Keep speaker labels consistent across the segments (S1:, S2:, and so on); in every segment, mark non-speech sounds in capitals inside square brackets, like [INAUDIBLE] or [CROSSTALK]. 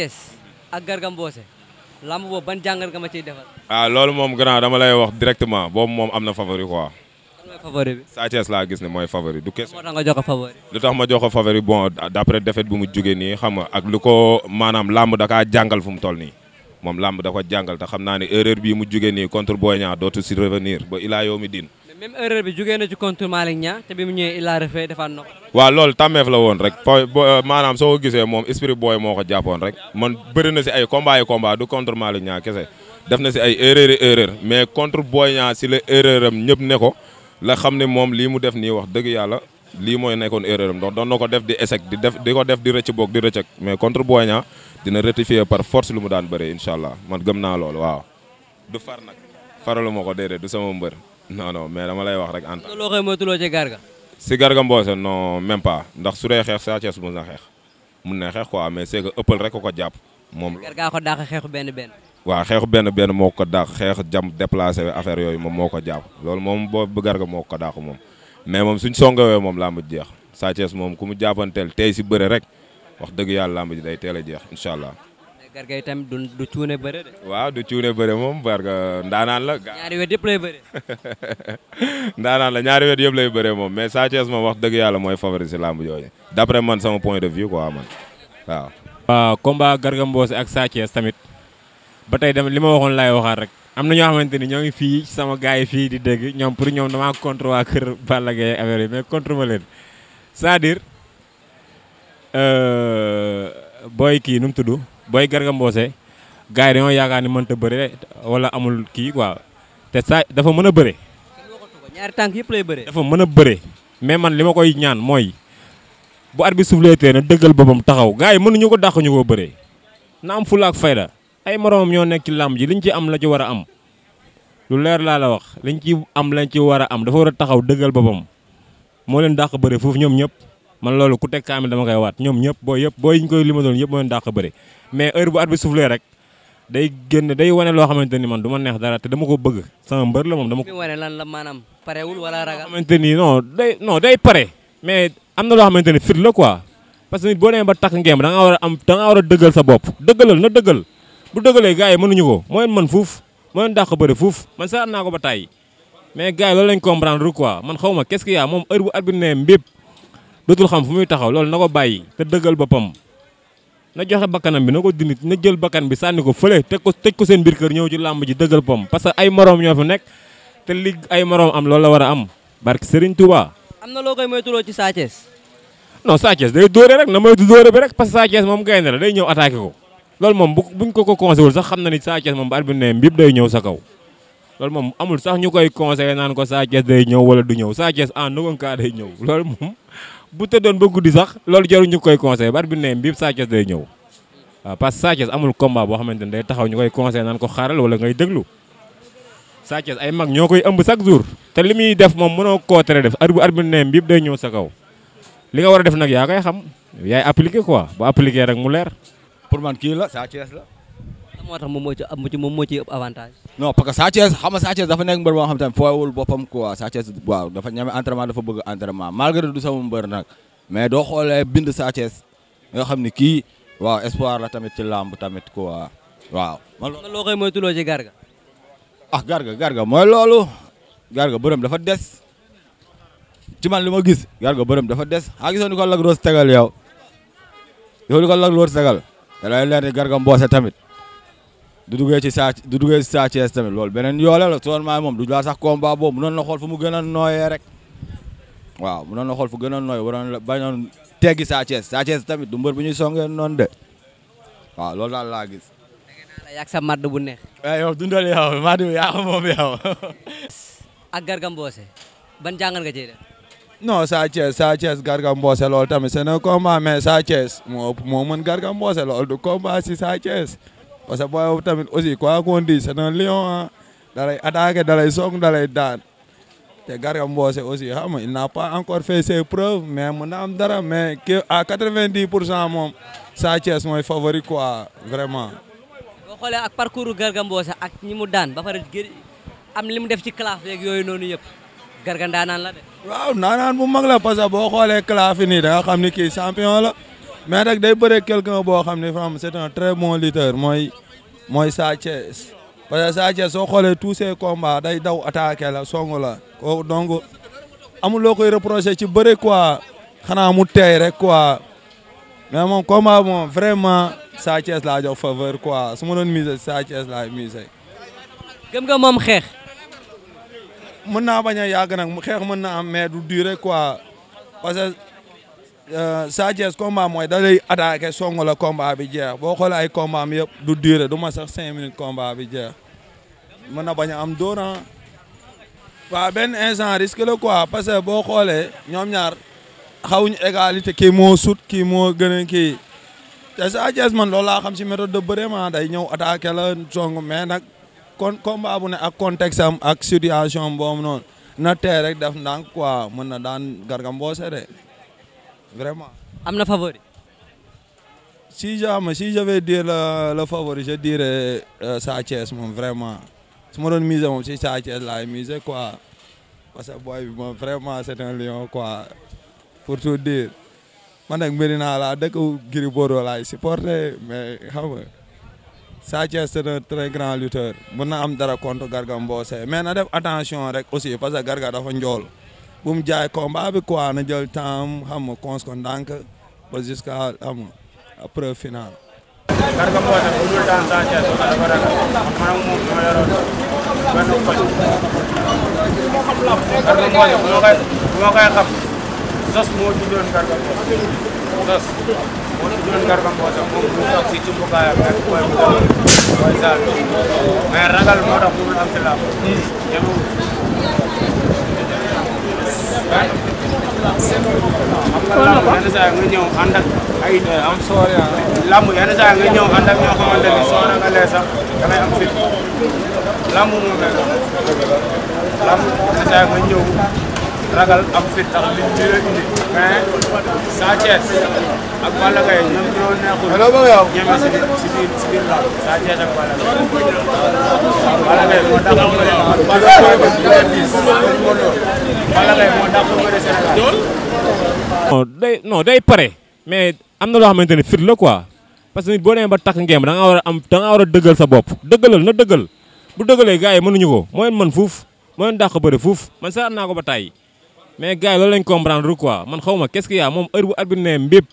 S1: Thiès ak Garga Mbossé lamb boobu ban jàngat nga ma ciy defal.
S2: ah loolu moom grand dama lay wax directement boobu moom am na favori quoi. favori bi Sa Thiès laa gis ne mooy du question. moo tax nga jox ko favori. lu tax ma jox ko favori bon d'après défaite bu mu jógee nii xam nga ak lu ko maanaam làmb da kaa jàngal fu mu toll nii moom lamb da ko jàngal te xam naa ne erreur bi mu jógee nii contre Boy Niang dootu si revenir ba ilaa yow mi
S1: même erreur bi jugee na ci contre Malick Niang te bi mu ñëwee il a refait defaat na
S2: ko. la woon rek euh, maanaam soo ko gisee moom esprit booy moo ko jàppoon rek man bëri na si ay combat yu combat du contre Malick Niang kese def na si ay erreur erreur mais contre Boy Niang si la erreur am ñëpp ne ko la xam ne moom lii mu def nii wax dëgg yàlla lii mooy nekkoon erreur am donc doon na ko def di échec di def di ko def di rëcc boog di rëcc mais contre Boy Niang dina rectifier par force lu mu daan bëree incha allah man gëm naa loolu waaw. du far nag faralu ma ko déedéet du sama mbër. non non mais dama lay wax rek. en tant loo xëy
S1: moytuloo ci garga.
S2: si garga mboose non même pas ndax su dee xeex Sa Thiès mën na xeex mun na xeex quoi mais c'est que ëppal rek ko ko jàpp moom.
S1: garga ko dàq xeexu benn benn.
S2: waaw xeexu benn benn moo ko dàq xeex jam déplacé affaire yooyu moom moo ko jàpp loolu moom boobu garga moo ko dàq moom mais moom suñ we moom laa mu jeex Sa moom ku mu jàppanteel tey si bëre rek wax dëgg yàlla làmb ji day teel a jeex incha allah
S1: Garga du du cuune bëre
S2: waaw du cuune bëre moom parce que ndaanaan la. [LAUGHS]
S1: ñaari wet yëpp lay bëre.
S2: ndaanaan la ñaari wet yëpp lay bëre moom mais Sa Thiès moom wax dëgg yàlla mooy favori si làmb jooju
S3: d'après man sama point de vue
S2: waa man waaw.
S3: waaw combat Garga Mbossé ak Sa Thiès tamit ba tey dem li ma waxoon lay waxaat rek. am na ñoo xamante ni ñoo ngi fii sama gars yi fii di dégg ñoom pour ñoom damaa contre waa kër Balla Gaye affaire yi mais contre ma leen cest à euh, booy kii nu mu tudd. booy Garga Mbossé gars yi dañoo yaakaar ni mënta bëre wala amul kii quoi te saa dafa mën a bëre. ñaari tànk yëpp lay bëre. dafa mën a bëre mais man li ma koy ñaan mooy bu arbitre souffleetee na dëggal boppam taxaw gars yi mënuñu ko dàq ñu ko bëree na am fula ak fayda ay moromam ñoo nekk ci làmb ji liñ ci am la ci war a am lu leer laa la wax liñ ci am lañ ci war a am dafa war a taxaw dëggal boppam moo leen dàq bëre foofu ñoom ñëpp man loolu ku teg kaamil dama koy waat ñoom ñëpp booy yëpp booy ñu koy limadoon yëpp moo leen dàq mais heure bu arbitre soufflé rek day génn day wane loo xamante ni man du ma neex dara te dama ko bëgg sama mbër la moom dama ko.
S1: wane lan la maanaam parewul wala ragal.
S3: xamante ni non day day pare mais am na loo xamante ni fit la quoi parce que nit boo demee ba takk ngeem da nga war a am da war a dëggal sa bopp dëggalal na dëggal bu dëggalee gars yi mënuñu ko moo leen mën fuuf moo leen dàq bëri fuuf man ko ba tàyyi mais gars yi loolu lañ comprendre quoi man xaw ma qu'est-ce yaa moom heure bu arbitre ne mbépp dootul xam fu muy taxaw loolu na ko bàyyi te dëggal boppam na joxe bakkanam bi na ko dindi na jël bakkan bi sànni ko fële teg ko tëj ko seen bi kër ñëw ci làmb ji dëggal pom parce que ay moroom ñoo fi nekk te li ay moroom am loolu la war a am barke Serigne Touba.
S1: am na loo koy moytuloo ci Sa Thiès.
S3: non Sa day dóore rek na moytu dóore bi rek parce que moom gaynde la day ñëw attaqué ko loolu moom bu buñ ko ko conseillé wul sax xam na ni Sa Thiès moom ba arbitre ne mbib day ñëw sa kaw. loolu moom amul sax ñu koy conseillé naan ko Sa day ñëw wala du ñëw Sa Thiès en aucun cas day bu tëddoon ba guddi sax loolu jarul ñu koy conseillé bar bi ne mbiib Sa day ñëw waaw parce que Sa Thiès amul combat boo xamante ne day taxaw ñu koy conseillé naan ko xaaral wala ngay déglu Sa Thiès ay mag ñoo koy ëmb chaque jour te li muy def moom mënoo koo tere def ar ar bi ne mbiib day ñëw sa kaw li nga war a def nag yaa koy xam yaay appliqué quoi bu appliqué rek mu leer
S4: pour man kii la Sa la
S1: moo tax moom moo ci am ci moom moo ci ëpp avantage.
S4: non parce que Sa Thiès xam nga Sa dafa nekk mbër boo xam te ne fooyewul boppam quoi Sa Thiès waaw dafa ñeme entraînement dafa bëgg entraînement malgré du sama mbër nag mais doo xoolee bind Sa Thiès xam ni kii waaw espoir la tamit ci làmb tamit quoi waaw.
S1: man loo koy moytuloo ci Garga.
S4: ah Garga Garga mooy loolu Garga bërëm dafa des ci man li ma gis Garga bërëm dafa des xaa gisoon ni ko Lac Rose tegal yow gisoon ni ko Lac Rose tegal te lay leer ni Garga mboose tamit. du duggee ci saa du duggee ci Sa Thiès tamit loolu beneen yoole la seulement moom du laa sax combat boobu munoon na xool fu mu gën a nooyee rek waaw munoon na xool fu gën a nooy waroon la bañoon teggi Sa Thiès Sa Thiès tamit du mbër bu ñuy songee noonu de waaw loolu daal laa gis. yaa sa madd bu neex. Eh, yow dundal yow madd bi yaa ko moom yow.
S1: ak Garga Mbossé ban jàngal nga ciy def.
S4: non Sa Thiès Sa Thiès Garga Mbossé loolu tamit c'est un combat mais Sa Thiès moo ëpp moo mën Garga Mbossé loolu du combat si Sa Thiès parce ba booy boobu tamit aussi quoi qu'on dise c'est un lion ah dalay attaqué dalay song dalay daan te Garga Mbossé aussi xam il n'a pas encore fait ses preuves mais mën na am dara mais que à quatre-vingt-dix pour cent moom Sa Thiès mooy favori quoi vraiment.
S1: boo xoolee ak parcours Garga Mbossé ak ñi mu daan ba pare am li mu def ci claf yeg yooyu noonu yëpp Garga ndaanaan la de.
S4: waaw ndaanaan bu mag la parce boo xoolee claf yi nii da nga ni kii champion la. mais nag day bëre quelqu'un boo xam ne fam c'est un très bon lutteur mooy mooy Sa Thiès parce que Sa Thiès soo xoolee tous ses combats day daw attaqué la song la kooku donc amul loo ci bëre quoi xanaa mu teey rek quoi mais moom combat moom vraiment Sa Thiès laa jox faveur quoi su ma doon miser Sa Thiès laay miser. gëm nga moom naa bañ a yàgg nag xeex mën na am mais du durer quoi parce Euh, Sa Thiès combat mooy da lay la combat bi jeex boo xoolee ay combat du duré du ma sax cinq minutes combat bi jeex mën na bañ am dóoran ah. waaw instant risque la quoi parce que boo xoolee ñoom ñaar xawuñu égalité kii moo sut kii moo gën kii te Sa Thiès man loolu laa si méthode de vraiment day ñëw attaqué la song mais nag kon combat bu ne ak contexte ak situation boobu noonu na tee rek def ndànk quoi mën na daan gargam Vraiment. Am na favori Si jamais, si je vais dire le, le favori, je dirais euh, Sa moom vraiment. Su ma doon miser moom si Sa Thiès laay miser quoi. Parce que boy bi vraiment c'est un lion quoi. Pour tout dire. Man nag Médina la dekk Gris Bordeaux laay supporter mais xam nga Sa c'est un très grand lutteur. Mën na am dara contre Garga Mbossé mais na dem attention rek aussi parce que Garga dafa njool. bu mu jaay combat bi quoi na jël temps xam nga cons ko ndànk ba jusqu'à xam nga après final. Garga Mbossé bu dul daan Sa Thiès wala dafa ragal man ak moom dama yoroon benn koñ. Garga Mbossé bu ma
S5: koy
S2: bu ma koy xam sos moo tuddoon Garga Mbossé sos moo tuddoon Garga Mbossé moom mu toog si cumbukaayam rek booy mu doon booy saa mais ragal moo tax mu am si làmb xool na ko yenn saa nga ñëw ànd ak ay am soore lamb yenn saa nga ñëw ànd ak ñoo xamante ni soo ragalee sax da ngay am fit lamb moom la lamb yenn saa nga ñëw ragal am fit tax li li la indi mais Sa Thiès ak Balla Gaye ñoom ñoo neexul ñeme si biir si biir si biir lamb Sa
S3: Thiès ak Balla Gaye
S4: Balla Gaye moo tax
S3: Balla Gaye moo dàq day non pare mais am na loo xamante ne fit la quoi parce que boo demee ba takk ngeem da nga war a am da war a dëggal sa bopp dëggalal na dëggal bu dëggalee gars yi mënuñu ko mooy man fuuf mooy dàq bëre fuuf man seet naa ko ba tàyyi mais gars yi loolu lañ comprendre quoi man xaw ma quest a moom heure bu arbitre ne mbépp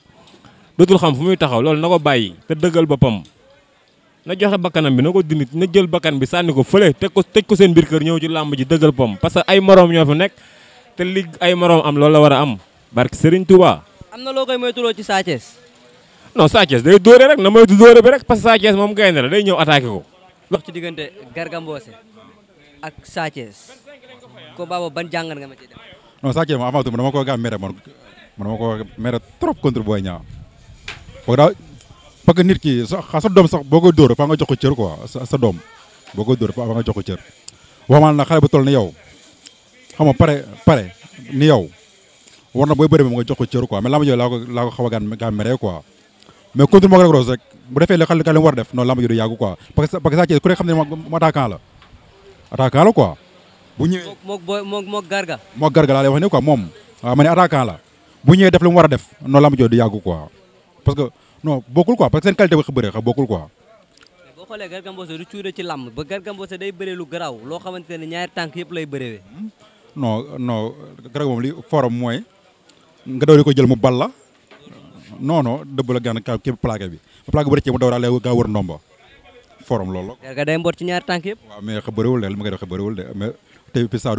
S3: dootul xam fu muy taxaw loolu na ko bàyyi te dëggal boppam na joxe bakkanam bi na ko dindi na jël bakkan bi sànni ko fële teg ko ko seen biir kër ñëw ci làmb ji dëggal boppam parce que ay moroom ñoo fi nekk te lig ay moroom am loolu la war a am barke Serigne Touba.
S1: am na loo koy moytuloo ci Sa Thiès.
S3: non day dóore rek na moytu dóore bi rek parce que Sa moom gaynde la day
S1: ñëw attaqué ko. wax ci diggante Garga ak Sa Thiès ko baba ban jàngat nga ma ciy def.
S5: non Sa Thiès moom avant tout dama ko gaa mere man dama ko trop contre Boy Niang foog nit ki sa sa doom sax boo ko dóor faa nga jox ko cër quoi sa doom boo ko dóor nga jox ko cër waxumaa na xale bu toll na yow. xam nga pare pare ni yow war na booy bëri moom nga jox ko cër quoi mais lamb yooyu laa ko laa ko a gaan gaan mere quoi mais contre moo ko rek bu defee le xel li mu war def noonu lamb yooyu du yàggu quoi parce que parce que Sa bu ñëwee
S1: moom moom moom Garga.
S5: moom Garga laa lay wax ne moom waaw ah, ma ne la bu ñëwee def li mu war a def noonu lamb yooyu du yàggu quoi parce que non bokkul quoi parce que seen qualité wax bëri xam bokkul quoi.
S1: boo xoolee Garga Mbossé du cuure ci lamb ba Garga Mbossé day bëree lu garaaw loo xamante ne ñaari tànk yëpp lay bëree hmm?
S5: no non garab li forum mooy nga daw di ko jël mu bal la non non dëbb la gànn kii plaqué bi ba plaqué bu mu daw daal gaa wër ndomba forum loolu la.
S1: garga day mbot ci ñaar tànk yëpp.
S5: waaw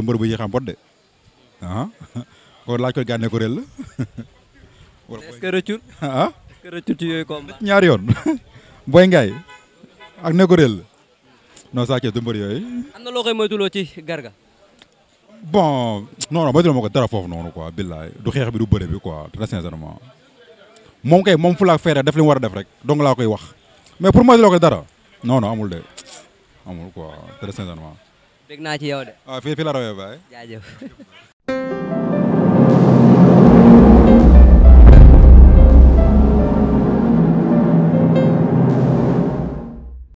S5: mais bu yéex a mbot de ah kon [LAUGHS] laaj ko gànnee ko réel la. [LAUGHS] Ah? est-ce que yoon [LAUGHS] Boy Ngaay ak ne ko réel non saa du mbër
S1: yooyu.
S5: bon non non ba dina ma ko dara foofu noonu quoi billaay du xeex bi du bëre bi quoi très sincèrement moom kay moom fu laa feere def li mu war a def rek donc laa koy wax mais pour ma delloo ko dara non non amul de amul quoi très sincèrement. dégg
S1: naa ci yow de. waaw ah, fii fii la rawee baay. jaajëf. [LAUGHS]